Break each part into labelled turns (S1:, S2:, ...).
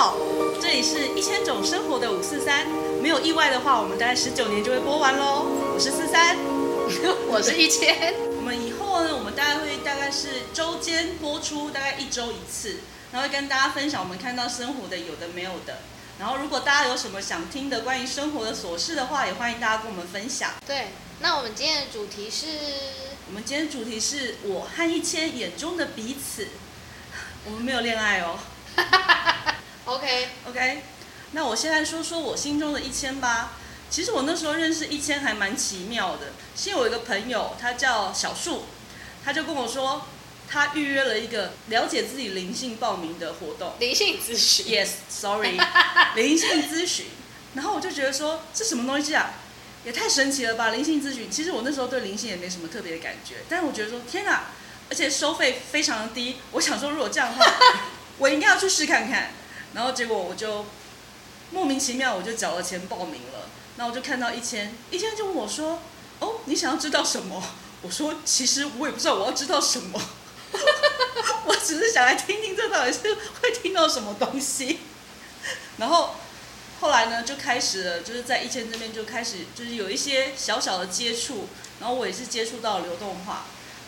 S1: 好，這裡是一千種生活的五四三，沒有意外的話，我們大概十九年就會播完嘍。我是四三，我是一千。 我們以後呢，我們大概會大概是周間播出，大概一周一次，然後會跟大家分享我們看到生活的有的沒有的。然後如果大家有什麼想聽的關於生活的瑣事的話，也歡迎大家跟我們分享。對，那我們今天的主題是，我們今天的主題是我和一千眼中的彼此。我們沒有戀愛哦。 那我現在說說我心中的一千吧。其實我那時候認識一千還蠻奇妙的。先有一個朋友，他叫小樹，他就跟我說，他預約了一個了解自己靈性報名的活動。靈性諮詢？Yes，Sorry，靈性諮詢。然後我就覺得說，這什麼東西啊？也太神奇了吧！靈性諮詢，其實我那時候對靈性也沒什麼特別的感覺，但是我覺得說，天啊，而且收費非常的低，我想說，如果這樣的話， 我應該要去試看看。然後結果我就莫名其妙，我就繳了錢報名了，那我就看到一千一千就問我說：“哦，你想要知道什麼？”我說：“其實我也不知道我要知道什麼， 我只是想來聽聽這到底是會聽到什麼東西。”然後後來呢，就開始了，就是在一千這邊就開始就是有一些小小的接觸，然後我也是接觸到流動話，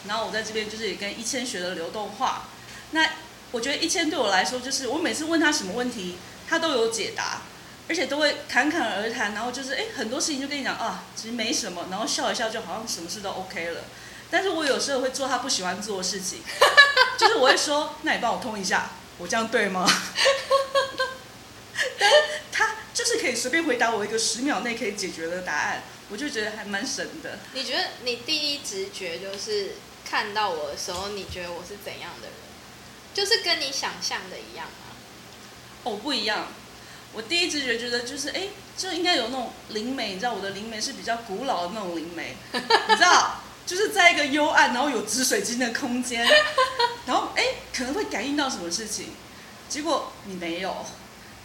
S1: 然後我在這邊就是也跟一千學了流動話。那。我覺得一千對我來說就是，我每次問他什麼問題，他都有解答，而且都會侃侃而談，然後就是，哎，很多事情就跟你講啊，其實沒什麼，然後笑一笑，就好像什麼事都 OK 了。但是我有時候會做他不喜歡做的事情，就是我會說，那你幫我通一下，我這樣對嗎？但是他就是可以隨便回答我一個十秒內可以解決的答案，我就覺得還蠻神的。
S2: 你覺得你第一直覺就是看到我的時候，你覺得我是怎樣的人？就是跟你想象的一樣
S1: 嗎？啊？哦，不一樣。我第一直覺覺得就是，哎、欸，就應該有那種靈媒，你知道，我的靈媒是比較古老的那種靈媒， 你知道，就是在一個幽暗然後有紫水晶的空間，然後哎、欸，可能會感應到什麼事情。結果你沒有，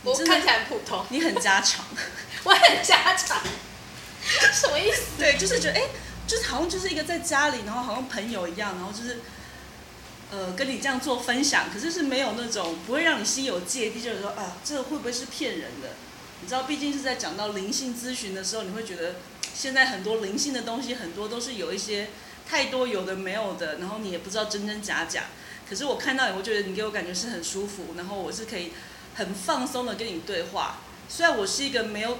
S1: 你我看起來很普通，你很家常， 我很家常， 什麼意思？對，就是覺得哎、欸，就是好像就是一個在家裡，然後好像朋友一樣，然後就是。呃，跟你這樣做分享，可是是沒有那種不會讓你心有芥蒂，就是說啊，這個會不會是騙人的？你知道，畢竟是在講到靈性諮詢的時候，你會覺得現在很多靈性的東西，很多都是有一些太多有的沒有的，然後你也不知道真真假假。可是我看到你，我覺得你給我感覺是很舒服，然後我是可以很放鬆的跟你對話。雖然我是一個沒有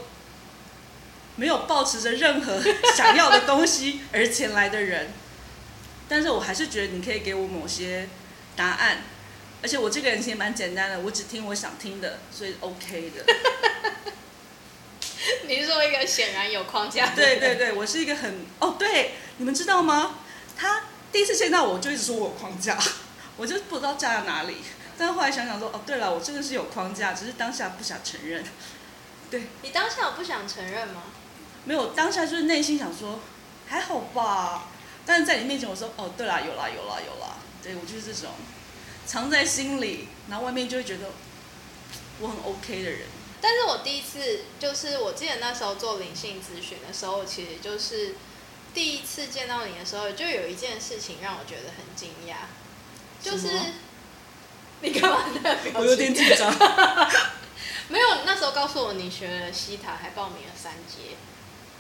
S1: 沒有抱持着任何想要的東西而前來的人。 但是我還是覺得你可以給我某些答案，而且我這個人其實蠻簡單的，我只聽我想聽的，所以 OK 的。
S2: 你是說一個顯然有框架？對
S1: 對對，我是一個很哦對，你們知道嗎？他第一次見到我就一直說我有框架，我就不知道架在哪裡，但是後來想想說哦對了，我真的是有框架，只是當下不想承認。對你當下我不想承認嗎？沒有，當下就是內心想說還好吧。但是在你面前，我說哦，對啦，有啦，有啦，有啦，有啦，對我就是這種藏在心裡，然後外面就會覺得我很 OK 的人。
S2: 但是我第一次，就是我記得那時候做靈性諮詢的時候，其實就是第一次見到你的時候，就有一件事情讓我覺得很驚訝，就是麼你幹嘛 我有點緊張。 沒有，那時候告訴我你學了西塔，還報名了三階。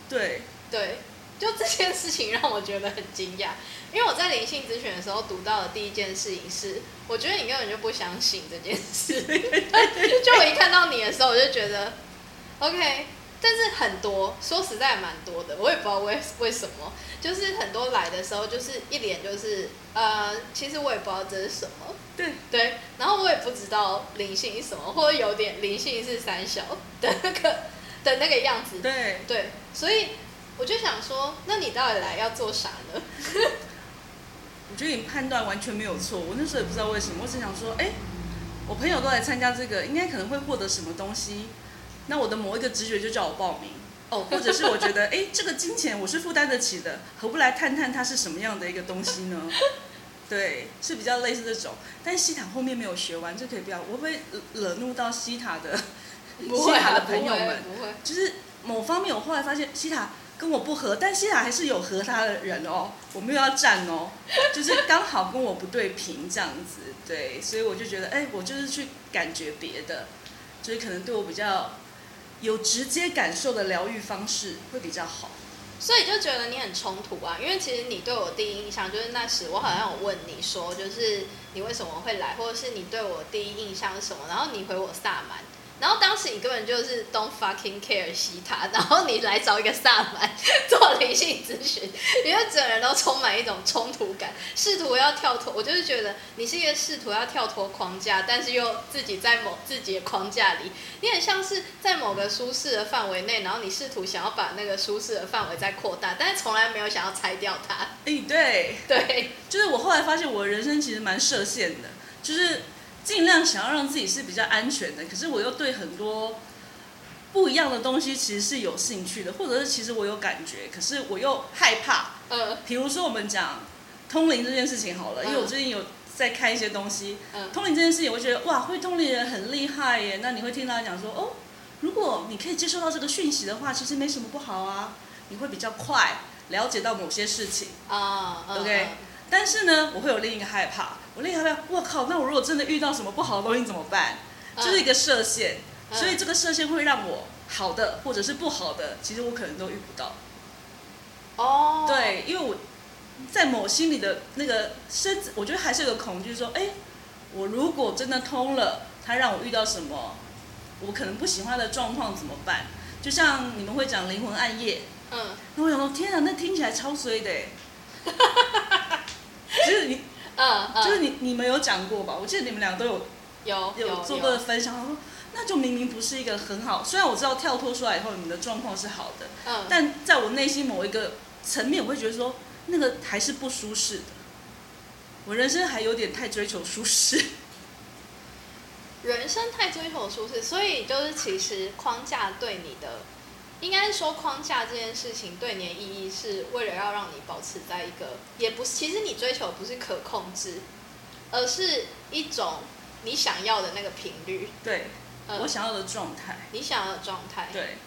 S2: 對對。對就這件事情讓我覺得很驚訝，因為我在靈性諮詢的時候讀到的第一件事情是，我覺得你根本就不相信這件事。 就我一看到你的時候，我就覺得 OK，但是很多說實在蠻多的，我也不知道為為什麼，就是很多來的時候就是一臉就是呃，其實我也不知道這是什麼，對對，然後我也不知道靈性是什麼，或者有點靈性是三小的那個的那個樣子，對對，所以。我就想說，那你到底來要做啥
S1: 呢？我覺得你判斷完全沒有錯。我那時候也不知道為什麼，我只想說，哎，我朋友都來參加這個，應該可能會獲得什麼東西。那我的某一個直覺就叫我報名哦，或者是我覺得，哎，這個金錢我是負擔得起的，何不來探探它是什麼樣的一個東西呢？對，是比較類似這種。但西塔後面沒有學完，這可以不要，我會不會惹怒到西塔的
S2: 會西塔的朋友們？不會，
S1: 不會。就是某方面，我後來發現西塔。跟我不合，但現在還是有合他的人哦，我沒有要站哦，就是剛好跟我不對頻這樣子，對，所以我就覺得，哎、欸，我就是去感覺別的，就是可能對我比較有直接感受的療癒方式會比較好，
S2: 所以就覺得你很衝突啊，因為其實你對我第一印象就是那時我好像有問你說，就是你為什麼會來，或者是你對我第一印象是什麼？然後你回我薩滿。然後當時你根本就是 don't fucking care 西塔，然後你來找一個薩滿做靈性諮詢，因為整人都充滿一種衝突感，試圖要跳脫。我就是覺得你是一個試圖要跳脫框架，但是又自己在某自己的框架裡，你很像是在某個舒適的範圍內，然後你試圖想要把那個舒適的範圍再擴大，但是從來沒有想要拆掉它。哎、欸，對，對，就是我後來發
S1: 現我的人生其實蠻設限的，就是。盡量想要讓自己是比較安全的，可是我又對很多不一樣的東西其實是有興趣的，或者是其實我有感覺，可是我又害怕。嗯，比如說我們講通靈這件事情好了，因為我最近有在看一些東西。嗯，uh. 通靈這件事情，我覺得哇，會通靈人很厲害耶。那你會聽他講說，哦，如果你可以接受到這個訊息的話，其實沒什麼不好啊，你會比較快了解到某些事情啊。Uh huh. OK，但是呢，我會有另一個害怕。我厲害我靠！那我如果真的遇到什麼不好的東西怎麼辦？Uh, 就是一個射線，所以這個射線會讓我好的或者是不好的，其實我可能都遇不到。哦。Oh. 對，因為我在某心裡的那個身子，我覺得還是有個恐懼，說：哎、欸，我如果真的通了，他讓我遇到什麼，我可能不喜歡的狀況怎麼辦？就像你們會講靈魂暗夜。嗯。Uh. 那我想說，天啊，那聽起來超衰的、欸。哈！哈哈！哈哈。就是你。嗯，嗯，就是你你們有講過吧？我記得你們倆都有有有，有做過的分享。他說，那就明明不是一個很好。雖然我知道跳脫出來以後，你們的狀況是好的，嗯，但在我內心某一個層面，我會覺得說，那個還是不舒適的。我人生還有點太追求舒適，
S2: 人生太追求舒適，所以就是其實框架對你的。應該是說框架這件事情對你的意義是為了要讓你保持在一個，也不是，其實你追求的不是可控制，而是一種你想要的那個頻率，對、嗯、我想要的狀態，你想要的狀態，對。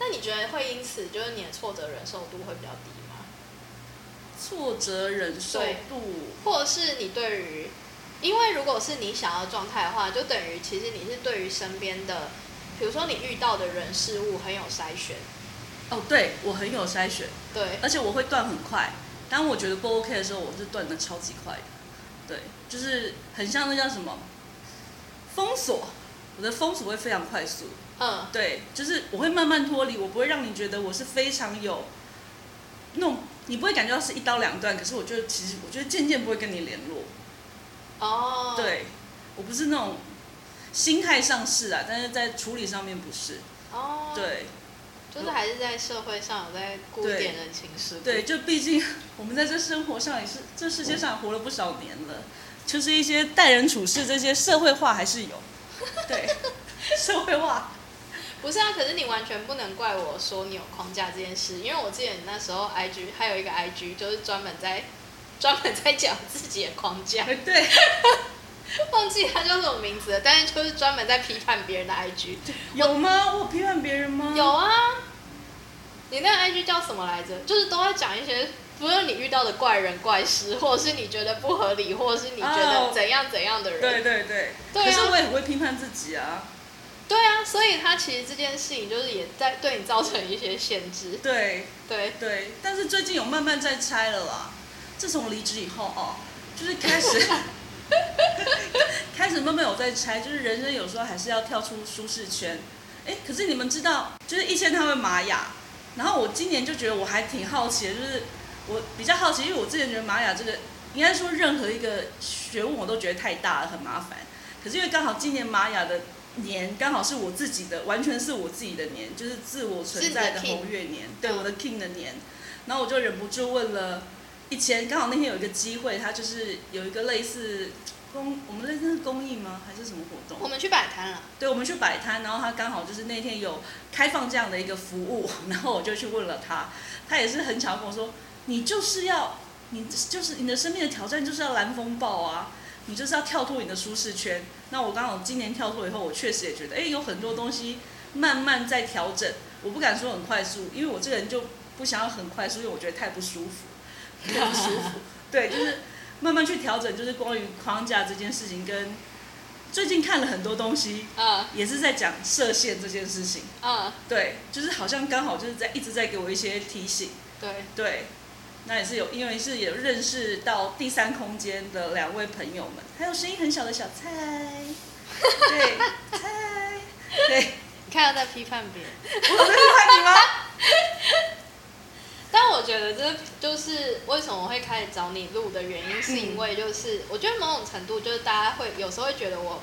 S2: 那你覺得會因此就是你的挫折忍受度會比較低嗎？挫折忍受度，或者是你對於，因為如果是你想要的狀態的話，就等於其實你是對於身邊的。比如說你遇到的人事物很有
S1: 篩選、oh,，哦，對，我很有篩選，對，而且我會斷很快。當我覺得不 OK 的時候，我是斷的超級快的，對，就是很像那叫什麼封鎖，我的封鎖會非常快速，嗯，對，就是我會慢慢脫離，我不會讓你覺得我是非常有那種，你不會感覺到是一刀兩斷，可是我就其實我就漸漸不會跟你聯絡，哦，oh. 對，我不是那種。心態上是啊，但是在處理上面不是。哦，oh,
S2: 對，就是還是在社會上有在顧一點人
S1: 情世故。對，就畢竟我們在這生活上也是，這世界上也活了不少年了，就是一些待人處事這些社會化還是有。
S2: 對，社會化。 不是啊，可是你完全不能怪我說你有框架這件事，因為我記得你那時候 I G 還有一個 I G 就是專門在專門在講自己的框架。對。忘記他叫什麼名字了，但是就是專門在批判別人的 IG，有嗎？我，我有批判別人嗎？有啊，你那個 IG 叫什麼來着？就是都要講一些，不論你遇到的怪人怪事，或者是你覺得不合理，或者是你覺得怎樣怎樣的人。Oh, 對對對。對啊，可是我也很會批判自己啊。對啊，所以他其實這件事情就是也在對你造成一些限制。對對對，但是最近有慢慢在拆了啦。自從
S1: 離職以後哦，就是開始。 開始慢慢有在猜，就是人生有時候還是要跳出舒適圈。哎、欸，可是你們知道，就是一千他們瑪雅，然後我今年就覺得我還挺好奇的，就是我比較好奇，因為我之前覺得瑪雅這個，應該說任何一個學問我都覺得太大了，很麻煩。可是因為剛好今年瑪雅的年剛好是我自己的，完全是我自己的年，就是自我存在的紅月年，對我的 King 的年，然後我就忍不住問了。以前剛好那天有一個機會，他就是有一個類似公，我們類似是公益嗎？還是什麼活動？我們去擺攤了。對，我們去擺攤，然後他剛好就是那天有開放這樣的一個服務，然後我就去問了他，他也是很巧跟我說：“你就是要，你就是你的生命的挑戰就是要藍風暴啊，你就是要跳脫你的舒適圈。”那我剛好今年跳脫以後，我確實也覺得，哎，有很多東西慢慢在調整。我不敢說很快速，因為我這個人就不想要很快速，因為我覺得太不舒服。舒服，對，就是慢慢去調整，就是關於框架這件事情，跟最近看了很多東西，啊，uh, 也是在講射線這件事情，啊，uh, 對，就是好像剛好就是在一直在給我一些提醒，對，對，那也是有，因為是有認識到第三空間的兩位朋友們，還有聲音很小的小蔡，
S2: 對，蔡， 對，你看他在批判別人，我有在批判你嗎？ 但我覺得這就是為什麼我會開始找你錄的原因，是因為就是我覺得某種程度就是大家會有時候會覺得我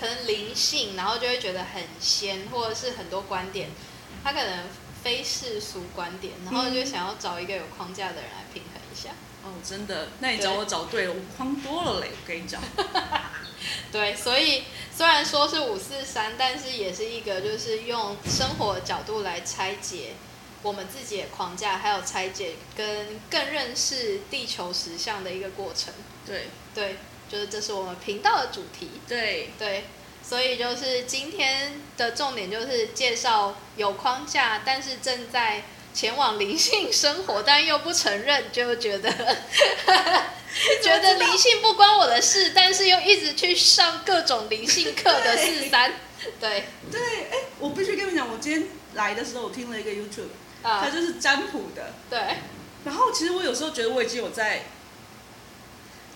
S2: 可能靈性，然後就會覺得很仙，或者是很多觀點，他可能非世俗觀點，然後就想要找一個有框架的人來平衡一下。嗯，哦，真的，那你找我
S1: 找對了，對，我框多了嘞，我跟你講。
S2: 對，所以雖然說是五四三，但是也是一個就是用生活的角度來拆解我們自己的框架，還有拆解跟更認識地球實相的一個過程。對對，就是這是我們頻道的主題。對對，所以就是今天的重點就是介紹有框架，但是正在前往靈性生活， 但又不承認，就覺得 覺得靈性不關我的事，但是又一直去上各種靈性課的事。三。對對，
S1: 哎對，我必須跟你講，我今天來的時候，我聽了一個 YouTube。Uh, 他就是占卜的，對。然後其實我有時候覺得我已經有在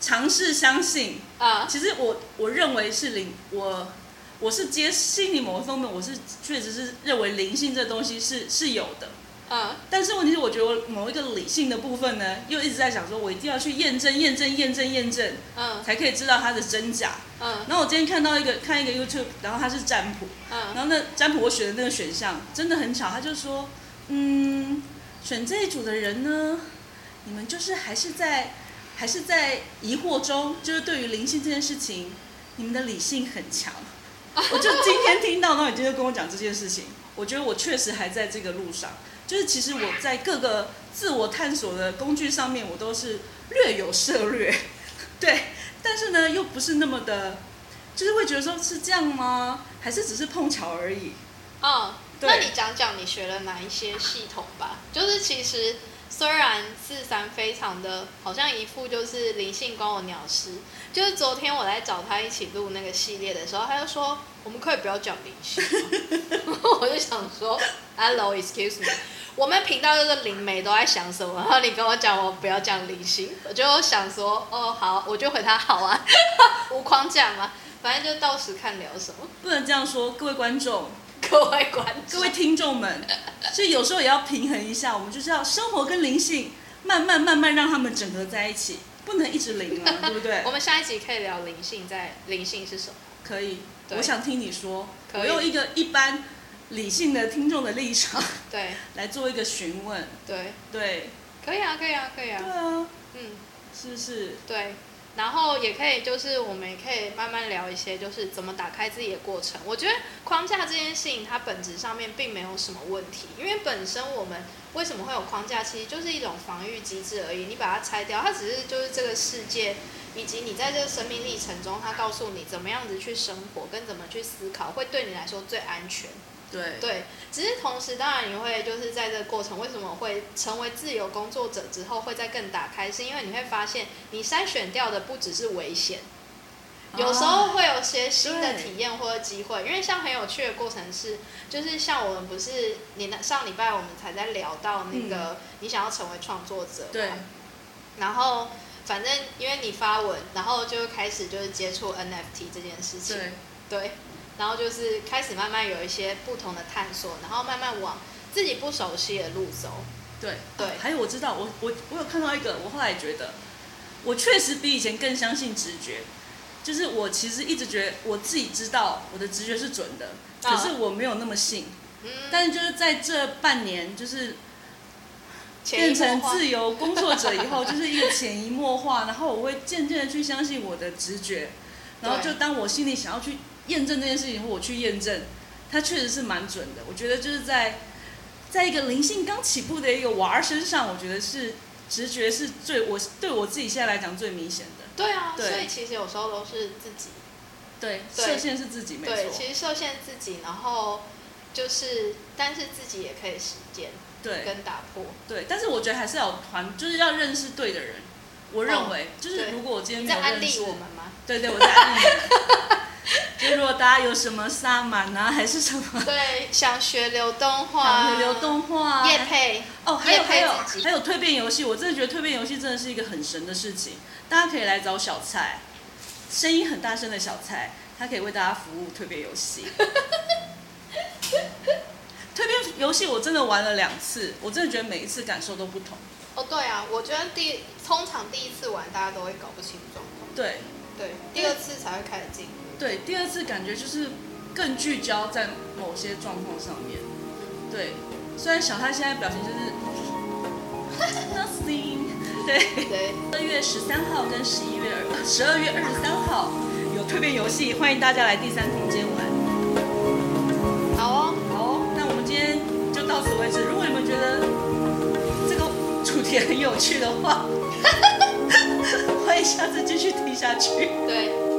S1: 嘗試相信，啊，uh, 其實我我認為是靈，我我是接心理某一方面，我是確實是認為靈性這東西是是有的，啊。Uh, 但是問題是，我覺得我某一個理性的部分呢，又一直在想說，我一定要去驗證、驗,驗證、驗證、驗證，嗯，才可以知道它的真假，嗯。Uh, 然後我今天看到一個看一個 YouTube，然後他是占卜，嗯，uh, 然後那占卜我選的那個選項真的很巧，他就說。嗯，選這一組的人呢，你們就是還是在，還是在疑惑中，就是對於靈性這件事情，你們的理性很強。我就今天聽到，那已經就跟我講這件事情，我覺得我確實還在這個路上，就是其實我在各個自我探索的工具上面，我都是略有涉略。對，但是呢，又不是那麼的，就是會覺得說是這樣嗎？
S2: 還是只是
S1: 碰巧而已？
S2: 哦、uh. 對那你講講你學了哪一些系統吧？就是其實雖然四三非常的好像一副就是靈性關我鳥事，就是昨天我來找他一起錄那個系列的時候，他就說我們可以不要講靈性， 我就想說 ，Hello，Excuse me，我們頻道就是靈媒都在想什麼，然後你跟我講我不要講靈性，我就想說，哦好，我就回他好啊， 無框架嘛、啊，反正就到時看聊什麼。
S1: 不能這樣說，各位觀眾。各位聽眾們，所以有時候也要平衡一下，我們就知道生活跟靈性慢慢慢慢讓他們整合在一起，不能一直靈了，對不對？ 我們
S2: 下一集可以聊靈性在，在靈性是什麼？可以，對我想聽你說，
S1: 嗯、我用一個一般理性的聽眾的立場，對，來做一個詢問，對對，對
S2: 可以啊，可以啊，可以啊，對啊，嗯，是不是？對。然後也可以，就是我們也可以慢慢聊一些，就是怎麼打開自己的過程。我覺得框架這件事情，它本質上面並沒有什麼問題，因為本身我們為什麼會有框架，其實就是一種防禦機制而已。你把它拆掉，它只是就是這個世界以及你在這個生命歷程中，它告訴你怎麼樣子去生活跟怎麼去思考，會對你來說最安全。對，對，只是同時，當然你會就是在這個過程，為什麼會成為自由工作者之後，會再更打開，是因為你會發現你篩選掉的不只是危險，
S1: 哦、有時候
S2: 會有些新的體驗或者機會，對因為像很有趣的過程是，就是像我們不是你上禮拜我們才在聊到那個你想要成為創作者、嗯、對，然後反正因為你發文，然後就開始就是接觸 NFT 這件事情，對。對然後就是開始慢慢有一些不同的探索，然後慢慢往自己不熟悉的路走。對對、啊，還有我知道，我我我有看到一個，我後來也覺得，
S1: 我確實比以前更相信直覺。就是我其實一直覺得我自己知道我的直覺是準的，啊、可是我沒有那麼信。嗯。但是就是在這半年，就是變成自由工作者以後， 就是一個潛移默化，然後我會漸漸的去相信我的直覺，然後就當我心裡想要去。驗證這件事情，我去驗證，它確實是蠻準的。我覺得就是在，在一個靈性剛起步的一個娃兒身上，我覺得是直覺是最，我對我自己現在來講最明顯的。對啊，對，所以其
S2: 實有時候都是自己。
S1: 對，受對限是自己沒錯。對，其實
S2: 受限自己，然後就是，但是自己也可以實踐，對，跟打破。
S1: 對，但是我覺得還是要有團，就是要認識對的人。我認為，哦、就是如果我今天沒有認識。對對，我在問你、 嗯。就如果大家有什麼薩滿
S2: 啊，還是什麼？對，想學流動畫，流動畫，業配，哦，業配自己還，還有還有
S1: 還有蛻變遊戲，我真的覺得蛻變遊戲真的是一個很神的事情。大家可以來找小蔡，聲音很大聲的小蔡，他可以為大家服務蛻變遊戲。蛻 變遊戲我真的玩了兩次，我真的覺得每一次感受都不同。
S2: 哦，對啊，我覺得第通常第一次玩，大家都會搞不清狀況。對。對，第二次才會開始
S1: 進對。對，第二次感覺就是更聚焦在某些狀況上面。對，雖然小他現在表情就是 nothing。 no thing, 對。對。二月十三號跟十一月二十二月二十三號有蛻變遊戲，歡迎大家來第三空間玩。好哦。好哦。那我們今天就到此為止。如果你們覺得這個主題很有趣的話，哈哈。下次繼續聽下去。對。